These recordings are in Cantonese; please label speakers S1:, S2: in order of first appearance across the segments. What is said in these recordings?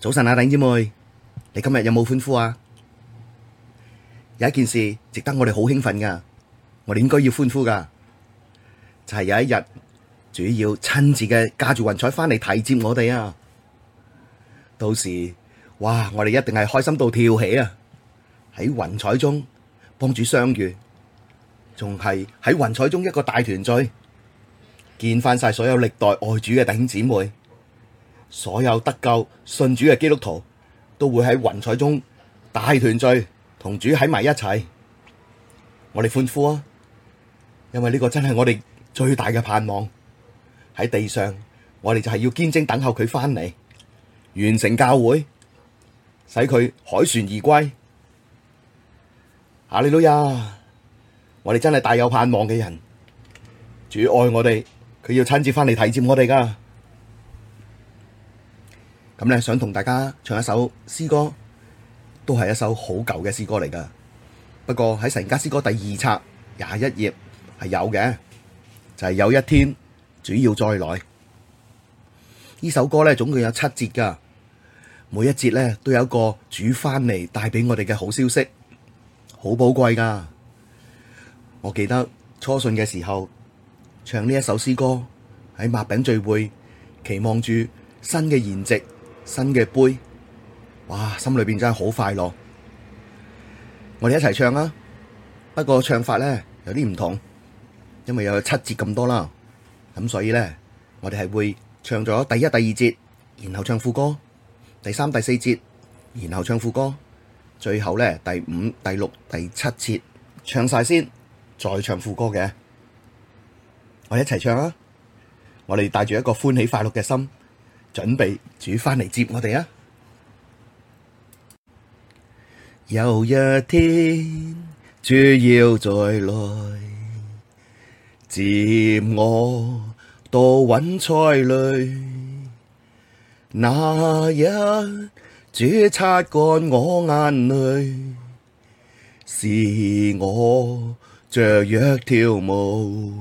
S1: 早晨啊，弟兄姊妹，你今日有冇歡呼啊？有一件事值得我哋好興奮噶，我哋應該要歡呼噶，就係有一日，主要親自嘅駕住雲彩返嚟提接我哋啊！到時，哇，我哋一定係開心到跳起啊！喺雲彩中幫主相遇，仲係喺雲彩中一個大團聚，見翻晒所有歷代愛主嘅弟兄姊妹。所有得救信主嘅基督徒都會喺雲彩中大團聚，同主喺埋一齊。我哋歡呼啊！因為呢個真係我哋最大嘅盼望。喺地上，我哋就係要堅貞等候佢翻嚟，完成教會，使佢凱旋而歸。哈利路亞！我哋真係大有盼望嘅人，主愛我哋，佢要親自翻嚟提接我哋噶。咁咧，想同大家唱一首詩歌，都係一首好舊嘅詩歌嚟噶。不過喺神家詩歌第二冊廿一頁係有嘅，就係、是、有一天主要再來。呢首歌咧，總共有七節噶，每一節咧都有一個主翻嚟帶俾我哋嘅好消息，
S2: 好寶貴噶。我記得初信嘅時候
S1: 唱呢一首詩歌，喺麥餅聚會，期望住新嘅筵席。新嘅杯，哇！心裏邊真係好快樂，我哋一齊唱啊！不過唱法咧有啲唔同，因為有七節咁多啦，咁所以咧我哋係會唱咗第一、第二節，然後唱副歌，第三、第四節，然後唱副歌，最後咧第五、第六、第七節唱晒先，再唱副歌嘅，我哋一齊唱啊！我哋帶住一個歡喜快樂嘅心。準備主返嚟接我哋啊！有一
S2: 天，主要再來接我到雲彩裡，那日主擦乾我眼淚，使我雀躍跳舞。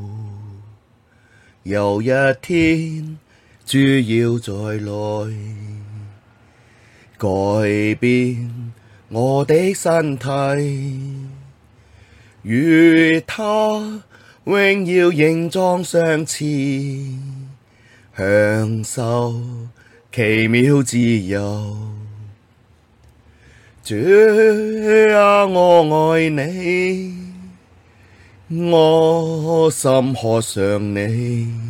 S2: 有一天。主要再來改變我的身體，與他榮耀形狀相似，享受奇妙自由。主啊，我愛你，我心渴想你。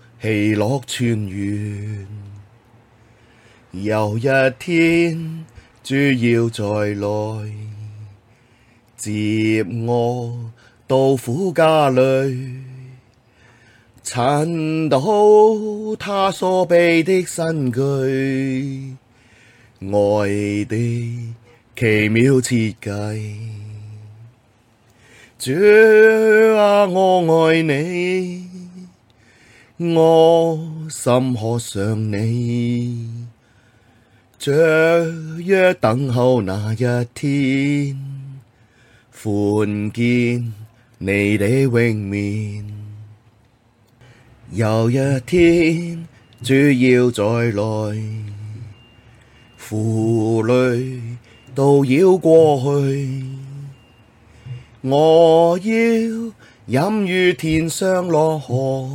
S2: 喜樂泉源，有一天主要再來接我到父家裡，親睹他所備的新居，愛的奇妙設計，主啊，我愛你。我心渴想你，雀躍等候那一天，歡見你的榮面。有一天，主要再來，苦淚都要過去，我要飲於天上樂河。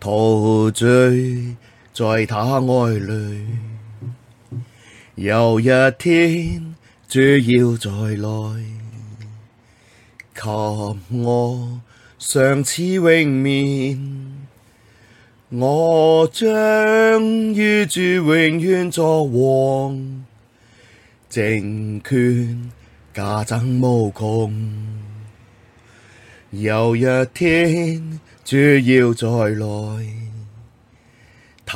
S2: 陶醉在他愛裡，有一天主要再來，給我賞賜榮冕，我將與主永遠作王，政權加增無窮，有一天。主要再來，祂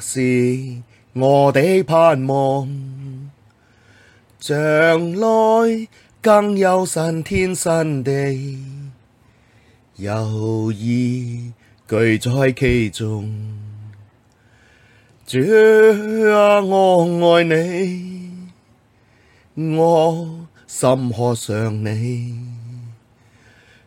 S2: 是我的盼望，將來更有新天新地，有義居在其中。主啊，我愛你，我心渴想你。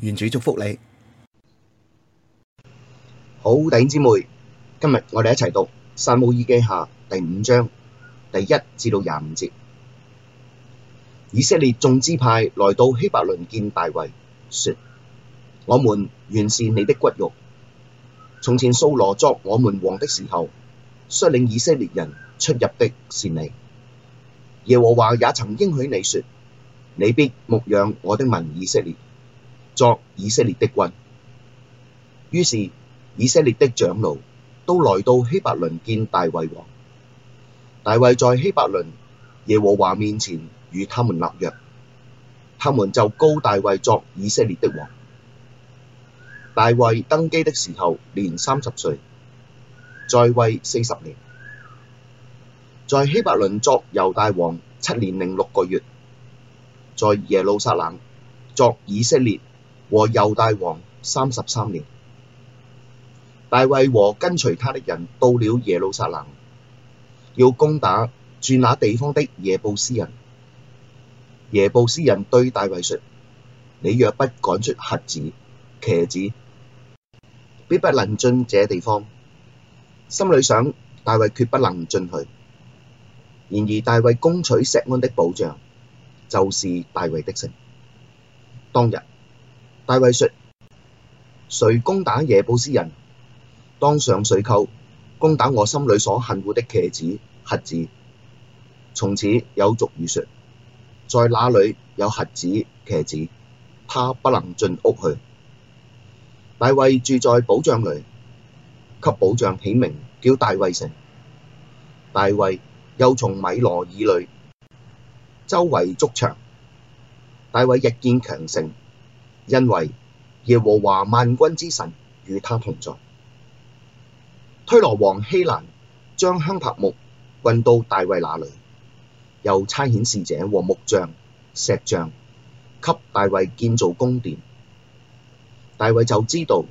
S1: 願主祝福你。好，弟兄姊妹，今日我哋一齊讀《撒母耳記下》第五章第一至到廿五節。以色列眾支派來到希伯倫見大衛，說：我們原是你的骨肉。從前掃羅作我們王的時候，率領以色列人出入的是你。耶和華也曾應許你說：你必牧養我的民以色列。作以色列的君，於是以色列的長老都來到希伯崙見大衛王。大衛在希伯崙耶和華面前與他們立約，他們就膏大衛作以色列的王。大衛登基的時候年三十歲，在位四十年，在希伯崙作猶大王七年零六個月，在耶路撒冷作以色列，和猶大王三十三年，大衛和跟隨他的人到了耶路撒冷，要攻打住那地方的耶布斯人。耶布斯人對大衛說：你若不趕出瞎子、瘸子，必不能進這地方。心裡想，大衛決不能進去。然而，大衛攻取錫安的保障，就是大衛的城。當日。大衛說：誰攻打耶布斯人，當上水溝，攻打我心裏所恨惡的瘸子、瞎子，從此有俗語說：在那裏有瞎子、瘸子，他不能進屋去。大衛住在保障裏，給保障起名叫大衛城。大衛又從米羅以裡周圍築牆，大衛日見強盛。因為耶和華萬軍之神與他同在，推羅王希蘭將香柏木運到大衛那裡，又差遣使者和木匠、石匠給大衛建造宮殿。大衛就知道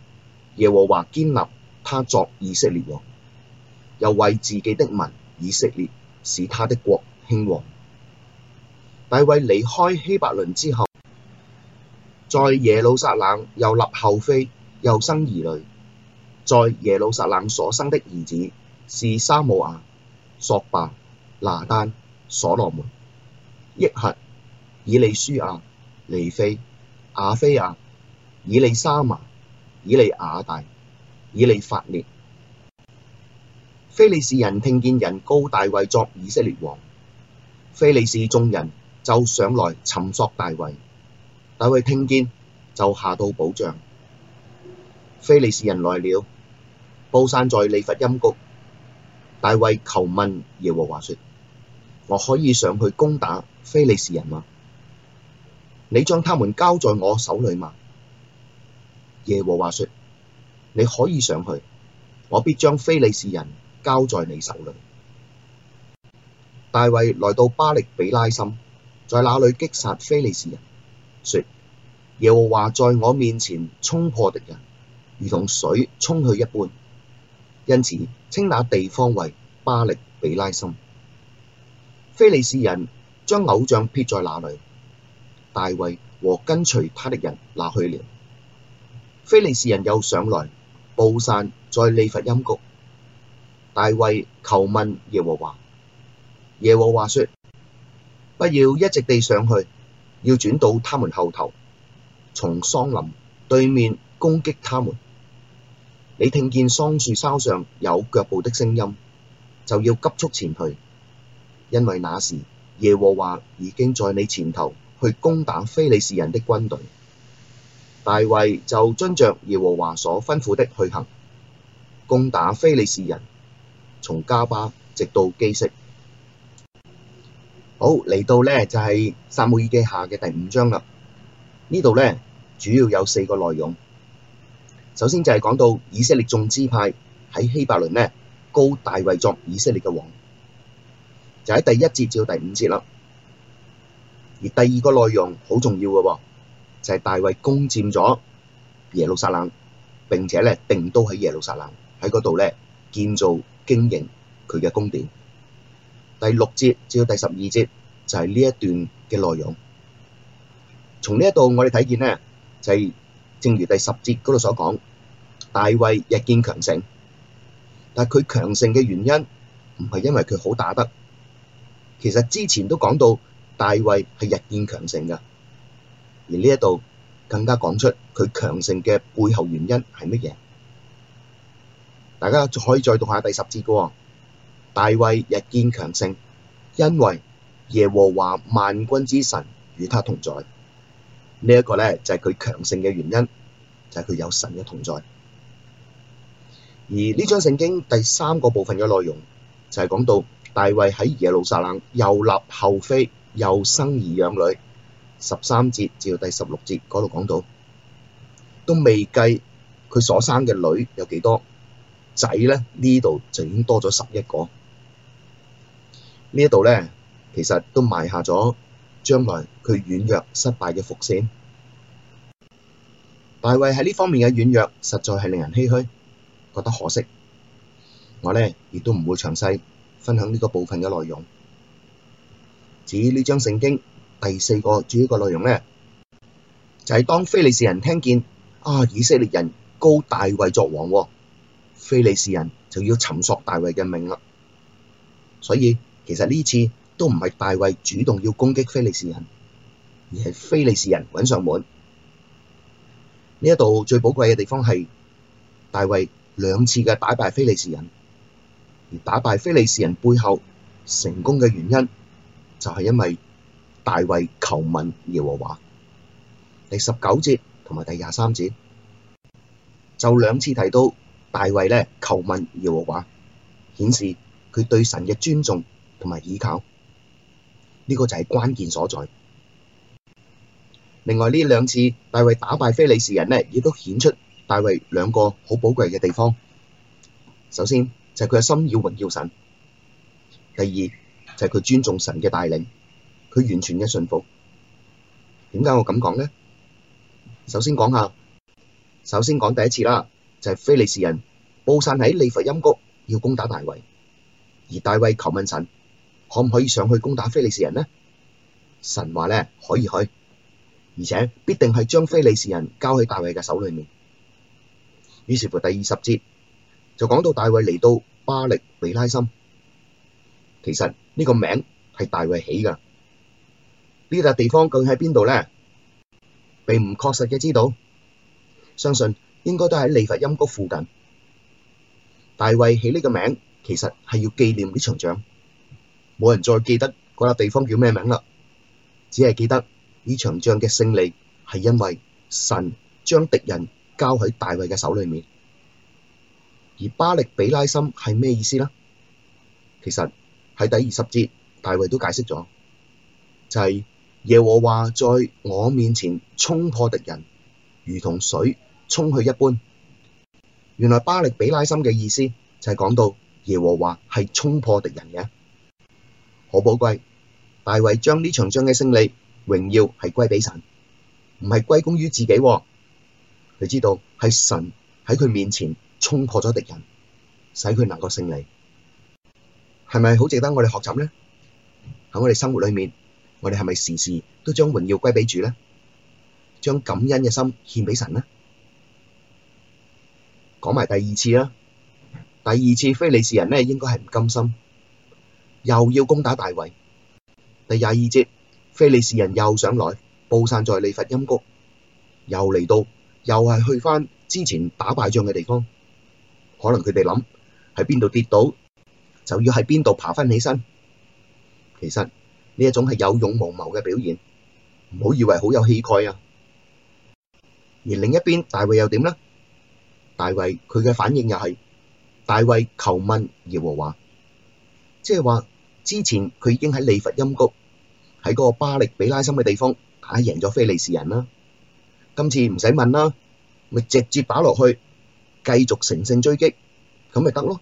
S1: 耶和華堅立他作以色列王，又為自己的民以色列使他的國興旺。大衛離開希伯崙之後。在耶路撒冷又立后妃，又生兒女。在耶路撒冷所生的兒子是沙母亞、朔罷、拿單、所羅門、益轄、以利書亞、尼斐、雅非亞、以利沙瑪、以利雅大、以利法列。菲利士人聽見人膏大衛作以色列王，非利士眾人就上來尋索大衛。大衛聽見就下到保障，非利士人來了，布散在利乏音谷。大衛求問耶和華說：我可以上去攻打非利士人嗎？你將他們交在我手裡嗎？耶和華說：你可以上去，我必將非利士人交在你手裡。大衛來到巴力毘拉心，在那裡擊殺非利士人。說耶和華在我面前沖破敵人，如同水沖去一般。因此，稱那地方為巴力毘拉心。非利士人將偶像撇在那裡，大衛和跟隨他的人拿去了。非利士人又上來，布散在利乏音谷。大衛求問耶和華，耶和華說：不要一直地上去。要轉到他們後頭，從桑林對面攻擊他們。你聽見桑樹梢上有腳步的聲音，就要急速前去，因為那時耶和華已經在你前頭去攻打非利士人的軍隊。大衛就遵著耶和華所吩咐的去行，攻打非利士人，從迦巴直到基色。好嚟到咧，就係撒母耳記下嘅第五章啦。呢度咧主要有四個內容。首先就係講到以色列眾支派喺希伯崙咧，膏大衛作以色列嘅王，就喺第一節至到第五節啦。而第二個內容好重要嘅，就係大衛攻佔咗耶路撒冷，並且咧定都喺耶路撒冷，喺嗰度咧建造經營佢嘅宮殿。第六節至到第十二節就係呢一段嘅內容。從呢一度我哋睇見呢，就係正如第十節嗰度所講，大衛日見強盛，但佢強盛嘅原因唔係因為佢好打得，其實之前都講到大衛係日見強盛噶，而呢一度更加講出佢強盛嘅背後原因係乜嘢。大家可以再讀下第十節噶。大衛日見強盛，因為耶和華萬軍之神與他同在。呢、這、一個呢，就係佢強盛嘅原因，就係、是、佢有神嘅同在。而呢章聖經第三個部分嘅內容就係、是、講到大衛喺耶路撒冷又立后妃，又生兒養女，十三節至到第十六節嗰度講到，都未計佢所生嘅女有幾多仔咧，呢度就已經多咗十一個。呢度咧，其實都埋下咗將來佢軟弱失敗嘅伏線。大衛喺呢方面嘅軟弱，實在係令人唏噓，覺得可惜。我咧亦都唔會詳細分享呢個部分嘅內容。至於呢章聖經第四個主要嘅內容咧，就係當非利士人聽見啊以色列人膏大衛作王，非利士人就要尋索大衛嘅命啦，所以。其實呢次都唔係大衛主動要攻擊非利士人，而係非利士人揾上門。呢一度最寶貴嘅地方係大衛兩次嘅打敗非利士人，而打敗非利士人背後成功嘅原因就係因為大衛求問耶和華。第十九節同埋第二十三節就兩次提到大衛咧求問耶和華，顯示佢對神嘅尊重。同埋倚靠，呢個就係關鍵所在。另外呢兩次大衛打敗非利士人呢，亦都顯出大衛兩個好寶貴嘅地方。首先就係佢嘅心要榮耀神，第二就係佢尊重神嘅帶領，佢完全嘅信服。點解我咁講呢？首先講下，首先講第一次啦，就係非利士人布散喺利乏音谷要攻打大衛，而大衛求問神。可唔可以上去攻打非利士人呢？神話呢，可以去，而且必定係將非利士人交喺大衛嘅手裏面。於是乎，第二十節就講到大衛嚟到巴力毘拉心，其實呢個名係大衛起噶。呢笪地方究竟喺邊度呢？並唔確實嘅知道，相信應該都喺利乏音谷附近。大衛起呢個名，其實係要紀念呢場仗。冇人再記得嗰個地方叫咩名啦，只係記得呢場仗嘅勝利係因為神將敵人交喺大衛嘅手裏面。而巴力毘拉心係咩意思呢？其實喺第二十節，大衛都解釋咗，就係耶和華在我面前衝破敵人，如同水沖去一般。原來巴力毘拉心嘅意思就係講到耶和華係衝破敵人嘅。好寶貴，大衛將呢場仗嘅勝利榮耀係歸畀神，唔係歸功於自己啊。佢知道係神喺佢面前衝破咗敵人，使佢能夠勝利。係咪好值得我哋學習呢？喺我哋生活裏面，我哋係咪時時都將榮耀歸畀主呢？將感恩嘅心獻畀神呢？講埋第二次啦，第二次非利士人呢，應該係唔甘心。又要攻打大衛。第廿二節，非利士人又上來，布散在利乏音谷，又嚟到，又係去翻之前打敗仗嘅地方。可能佢哋諗喺邊度跌倒，就要喺邊度爬翻起身。其實呢一種係有勇無謀嘅表現，唔好以為好有氣概啊。而另一邊大衛又點呢？大衛佢嘅反應又係，大衛求問耶和華，即係話。之前佢已經喺利乏音谷喺嗰個巴力毘拉心嘅地方打贏咗非利士人啦，今次唔使問啦，咪直接打落去，繼續乘勝追擊，咁咪得咯。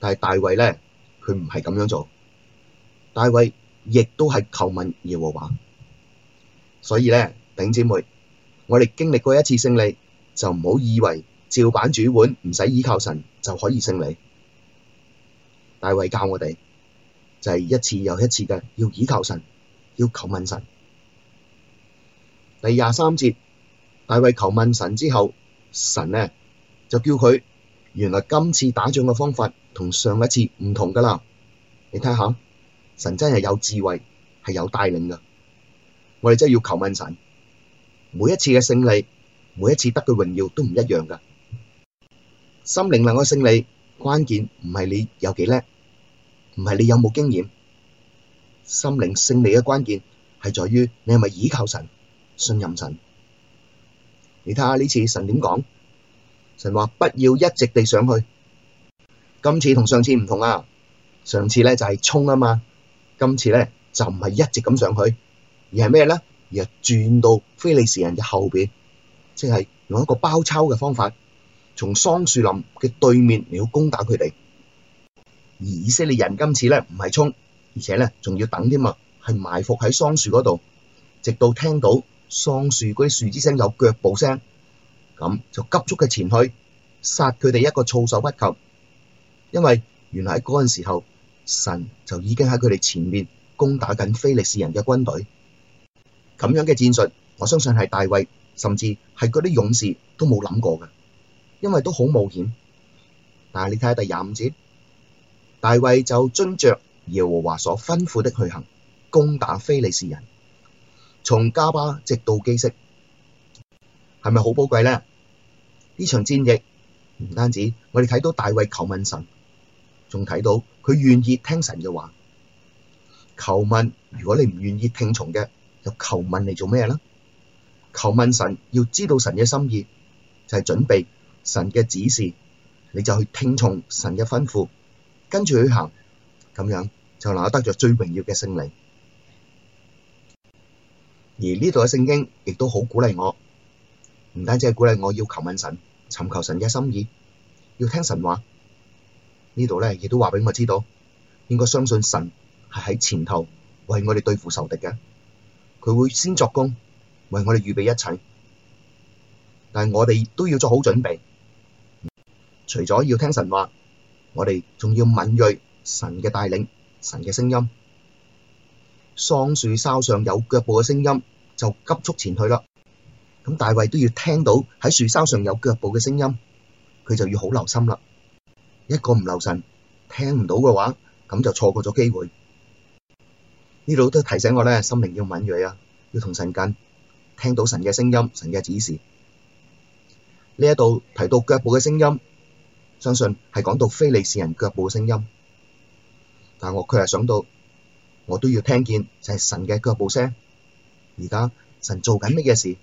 S1: 但係大衛咧，佢唔係咁樣做，大衛亦都係求問耶和華，所以咧，弟兄姊妹，我哋經歷過一次勝利，就唔好以為照板煮碗，唔使依靠神就可以勝利。大衛教我哋。就係一次又一次嘅要以求神，要求問神。第廿三節，大衛求問神之後，神呢，就叫佢，原來今次打仗嘅方法同上一次唔同㗎啦。你睇下，神真係有智慧，係有帶領噶。我哋真係要求問神，每一次嘅勝利，每一次得嘅榮耀都唔一樣噶。心靈能夠勝利，關鍵唔係你有幾叻。唔係你有冇經驗，心靈勝利嘅關鍵係在於你係咪倚靠神、信任神？你睇下呢次神點講？神話不要一直地上去，今次同上次唔同啦、啊。上次咧就係衝啊嘛，今次咧就唔係一直咁上去，而係咩咧？而係轉到非利士人嘅後邊，即係用一個包抄嘅方法，從桑樹林嘅對面嚟到攻打佢哋。而以色列人今次咧唔係衝，而且咧仲要等添啊！係埋伏喺桑樹嗰度，直到聽到桑樹嗰啲樹枝聲有腳步聲，咁就急速嘅前去殺佢哋一個措手不及。因為原來喺嗰陣時候，神就已經喺佢哋前面攻打緊非利士人嘅軍隊。咁樣嘅戰術，我相信係大衛甚至係嗰啲勇士都冇諗過噶，因為都好冒險。但係你睇下第廿五節。大衛就遵着耶和華所吩咐的去行，攻打非利士人，從迦巴直到基色，係咪好寶貴呢？呢場戰役唔單止我哋睇到大衛求問神，仲睇到佢願意聽神嘅話。求問，如果你唔願意聽從嘅，又求問嚟做咩咧？求問神要知道神嘅心意，就係、是、準備神嘅指示，你就去聽從神嘅吩咐。跟住去行咁樣，就能夠得著最榮耀嘅勝利。而呢度嘅聖經亦都好鼓勵我，唔單止係鼓勵我要求問神，尋求神嘅心意，要聽神話。呢度咧亦都話畀我知道，應該相信神係喺前頭為我哋對付仇敵嘅，佢會先作工，為我哋預備一切。但係我哋都要做好準備，除咗要聽神話。我哋仲要敏銳神嘅帶領、神嘅聲音。桑樹梢上有腳步嘅聲音，就急速前去啦。咁大衛都要聽到喺樹梢上有腳步嘅聲音，佢就要好留心啦。一個唔留神，聽唔到嘅話，咁就錯過咗機會。呢度都提醒我咧，心靈要敏銳啊，要同神近，聽到神嘅聲音、神嘅指示。呢一度提到腳步嘅聲音。相信係講到非利士人腳步嘅聲音，但我卻係想到，我都要聽見就係神嘅腳步聲。而家神在做緊乜嘢事？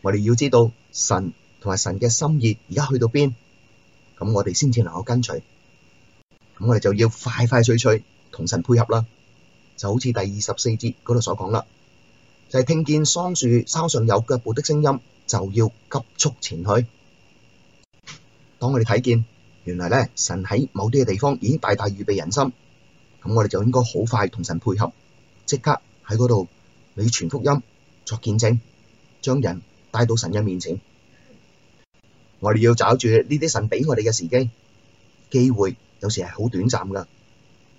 S1: 我哋要知道神同埋神嘅心意，而家去到邊，咁我哋先至能夠跟隨。咁我哋就要快快脆脆同神配合啦，就好似第二十四節嗰度所講啦，就係、是、聽見桑樹梢上有腳步的聲音，就要急速前去。當我哋睇見，原來咧神喺某啲嘅地方已經大大預備人心，咁我哋就應該好快同神配合，即刻喺嗰度你傳福音作見證，將人帶到神嘅面前。我哋要抓住呢啲神畀我哋嘅時機，機會有時係好短暫噶，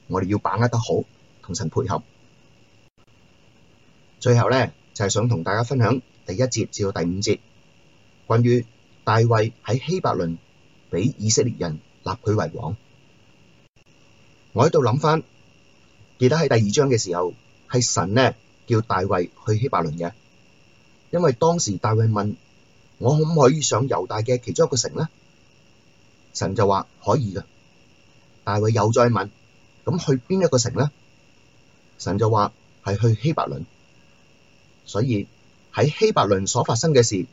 S1: 我哋要把握得好，同神配合。最後咧就係想同大家分享第一節至到第五節，關於大衛喺希伯倫俾以色列人立佢為王。我喺度諗返，記得喺第二章嘅時候，係神呢叫大衛去希伯倫嘅，因為當時大衛問，我可唔可以上猶大嘅其中一個城呢，神就話可以㗎。大衛又再問，咁去邊一個城呢？神就話係去希伯倫，所以喺希伯倫所發生嘅事，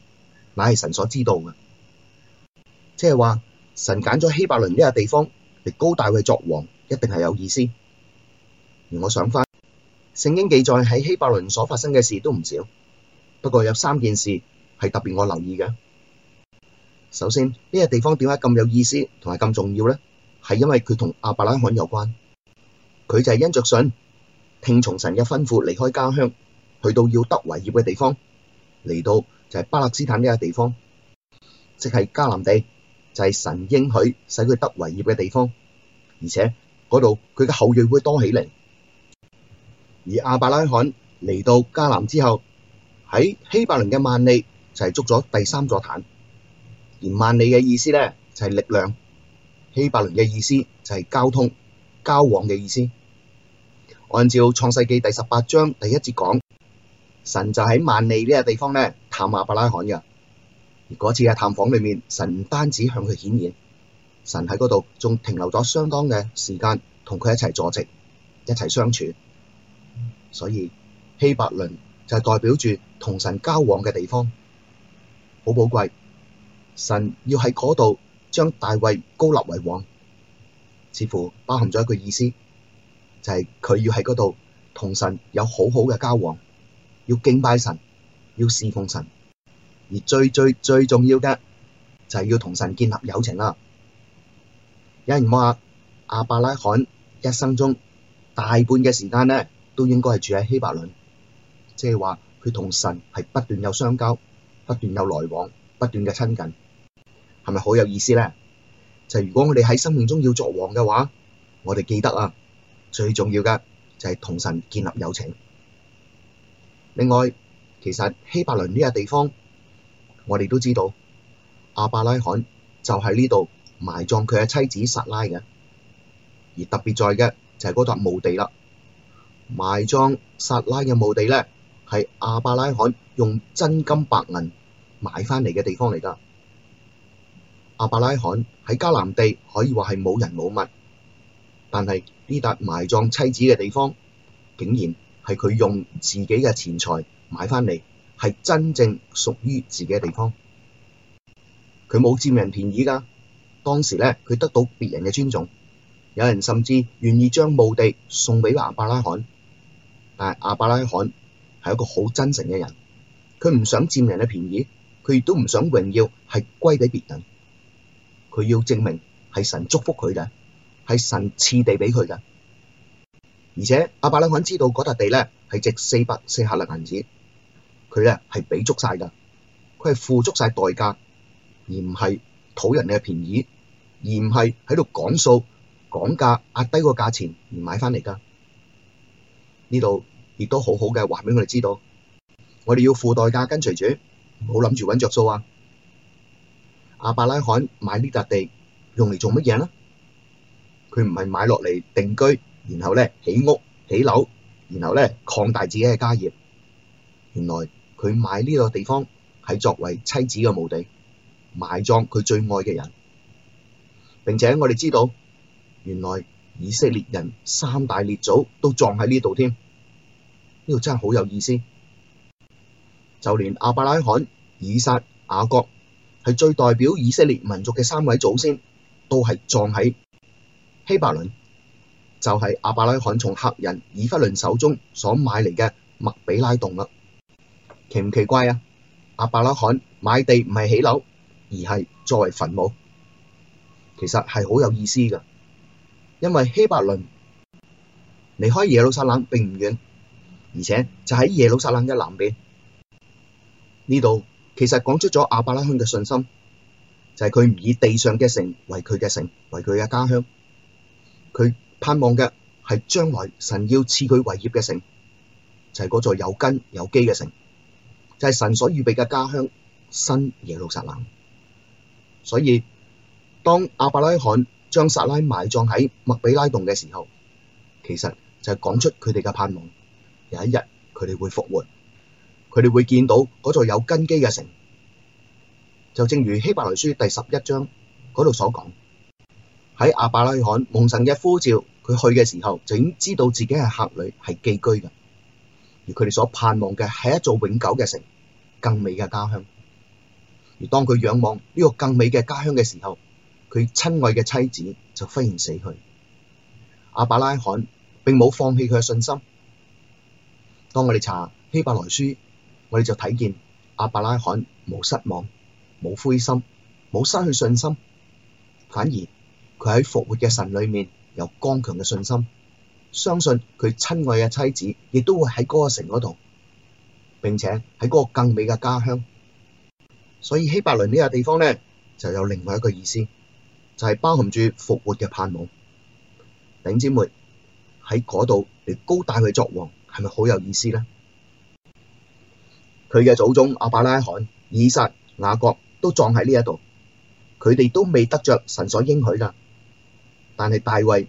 S1: 乃係神所知道嘅。即係話，神揀咗希伯倫呢個地方嚟高大衛作王，一定係有意思。而我想翻聖經記載喺希伯倫所發生嘅事都唔少，不過有三件事係特別我留意嘅。首先，呢、這個呢個地方點解咁有意思同埋咁重要呢？係因為佢同亞伯拉罕有關，佢就係因着信聽從神嘅吩咐，離開家鄉去到要得為業嘅地方，嚟到就係巴勒斯坦呢個地方，即係迦南地。就係神應許使佢得為業嘅地方，而且嗰度佢嘅後裔會多起嚟。而亞伯拉罕嚟到迦南之後，喺希伯崙嘅幔利就係築咗第三座壇。而幔利嘅意思咧就係力量，希伯崙嘅意思就係交通、交往嘅意思。按照創世記第十八章第一節講，神就喺幔利呢個地方咧探亞伯拉罕嘅。而嗰次嘅探訪裏面，神唔單止向佢顯現，神喺嗰度仲停留咗相當嘅時間，同佢一齊坐席，一齊相處。所以希伯倫就係代表住同神交往嘅地方，好寶貴。神要喺嗰度將大衛高立為王，似乎包含咗一個意思，就係、是、佢要喺嗰度同神有好好嘅交往，要敬拜神，要侍奉神。而最最最重要嘅就係、係、要同神建立友情啦。有人話亞伯拉罕一生中大半嘅時間咧，都應該係住喺希伯倫，即係話佢同神係不斷有相交、不斷有來往、不斷嘅親近，係咪好有意思咧？就係、如果我哋喺生命中要作王嘅話，我哋記得啊，最重要嘅就係同神建立友情。另外，其實希伯倫呢個地方。我哋都知道，亞伯拉罕就喺呢度埋葬佢嘅妻子撒拉嘅，而特別在嘅就係嗰笪墓地啦。埋葬撒拉嘅墓地咧，係亞伯拉罕用真金白銀買翻嚟嘅地方嚟㗎。亞伯拉罕喺迦南地可以話係冇人冇物，但係呢笪埋葬妻子嘅地方，竟然係佢用自己嘅錢財買翻嚟。係真正屬於自己嘅地方，佢冇佔人便宜㗎。當時咧，佢得到別人嘅尊重，有人甚至願意將墓地送畀亞伯拉罕。但係亞伯拉罕係一個好真誠嘅人，佢唔想佔人嘅便宜，佢亦都唔想榮耀係歸畀別人。佢要證明係神祝福佢嘅，係神賜地畀佢嘅。而且亞伯拉罕知道嗰笪地咧係值四百四克令銀子。佢咧係俾足晒㗎，佢係付足晒代價，而唔係討人哋嘅便宜，而唔係喺度講數講價壓低個價錢而買翻嚟㗎。呢度亦都好好嘅，話俾我哋知道，我哋要付代價跟隨住，唔好諗住揾著數啊！亞伯拉罕買呢笪地用嚟做乜嘢呢？佢唔係買落嚟定居，然後咧起屋起樓，然後咧擴大自己嘅家業，原來。佢買呢個地方係作為妻子嘅墓地，埋葬佢最愛嘅人。並且我哋知道，原來以色列人三大列祖都葬喺呢度添，呢個真係好有意思。就連亞伯拉罕、以撒、雅各係最代表以色列民族嘅三位祖先，都係葬喺希伯崙，就係亞伯拉罕從赫人以弗倫手中所買嚟嘅麥比拉洞啦。奇唔奇怪啊！阿伯拉罕買地唔係起樓，而係作為墳墓，其實係好有意思噶因為希伯倫離開耶路撒冷並唔遠，而且就喺耶路撒冷嘅南邊呢度，其實講出咗阿伯拉罕嘅信心，就係佢唔以地上嘅城為佢嘅城為佢嘅家鄉，佢盼望嘅係將來神要賜佢為業嘅城，就係、是、嗰座有根有基嘅城。就係神所預備嘅家鄉新耶路撒冷，所以當亞伯拉罕將撒拉埋葬喺麥比拉洞嘅時候，其實就係講出佢哋嘅盼望，有一日佢哋會復活，佢哋會見到嗰座有根基嘅城，就正如希伯來書第十一章嗰度所講，喺亞伯拉罕蒙神嘅呼召，佢去嘅時候就已經知道自己係客旅係寄居嘅。而佢哋所盼望嘅係一座永久嘅城，更美嘅家鄉。而當佢仰望呢個更美嘅家鄉嘅時候，佢親愛嘅妻子就忽然死去。亞伯拉罕並冇放棄佢嘅信心。當我哋查希伯來書，我哋就睇見亞伯拉罕冇失望、冇灰心、冇失去信心，反而佢喺復活嘅神裏面有剛強嘅信心。相信佢親愛嘅妻子亦都會喺嗰個城嗰度，並且喺嗰個更美嘅家鄉。所以希伯崙呢個地方咧，就有另外一個意思，就係、是、包含住復活嘅盼望。頂姊妹喺嗰度嚟膏大衛作王，係咪好有意思咧？佢嘅祖宗阿伯拉罕、以撒、雅各都葬喺呢一度，佢哋都未得着神所應許噶，但係大衛。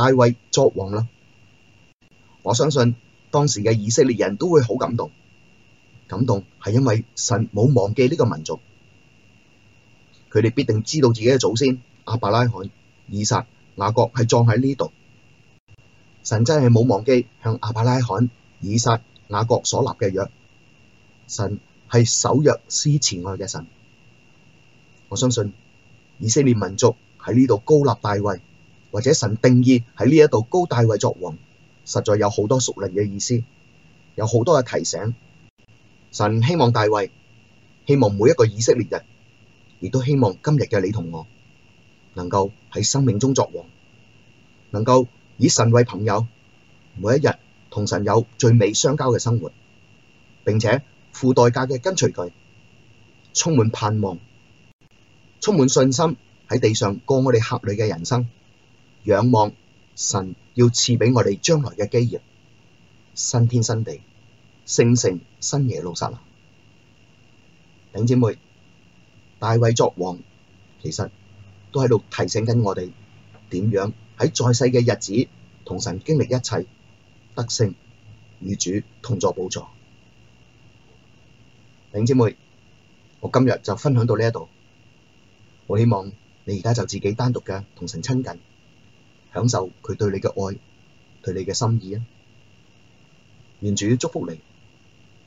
S1: 大衛作王啦，我相信當時嘅以色列人都會好感動，感動係因為神冇忘記呢個民族，佢哋必定知道自己嘅祖先亞伯拉罕、以撒、雅各係葬喺呢度，神真係冇忘記向亞伯拉罕、以撒、雅各所立嘅約，神係守約施慈愛嘅神，我相信以色列民族喺呢度膏立大衛。或者神定義喺呢一度膏大衛作王，實在有好多屬靈嘅意思，有好多嘅提醒。神希望大衛，希望每一個以色列人，亦都希望今日嘅你同我，能夠喺生命中作王，能夠以神為朋友，每一日同神有最美相交嘅生活，並且付代價嘅跟隨佢，充滿盼望，充滿信心喺地上過我哋客旅嘅人生。仰望神要賜畀我哋將來嘅基業，新天新地，聖城新耶路撒冷。頂姐妹，大衛作王，其實都喺度提醒緊我哋點樣喺在，在世嘅日子同神經歷一切得勝，德性與主同作保障。頂姐妹，我今日就分享到呢一度，我希望你而家就自己單獨嘅同神親近。享受佢對你嘅愛，對你嘅心意啊！願主祝福你。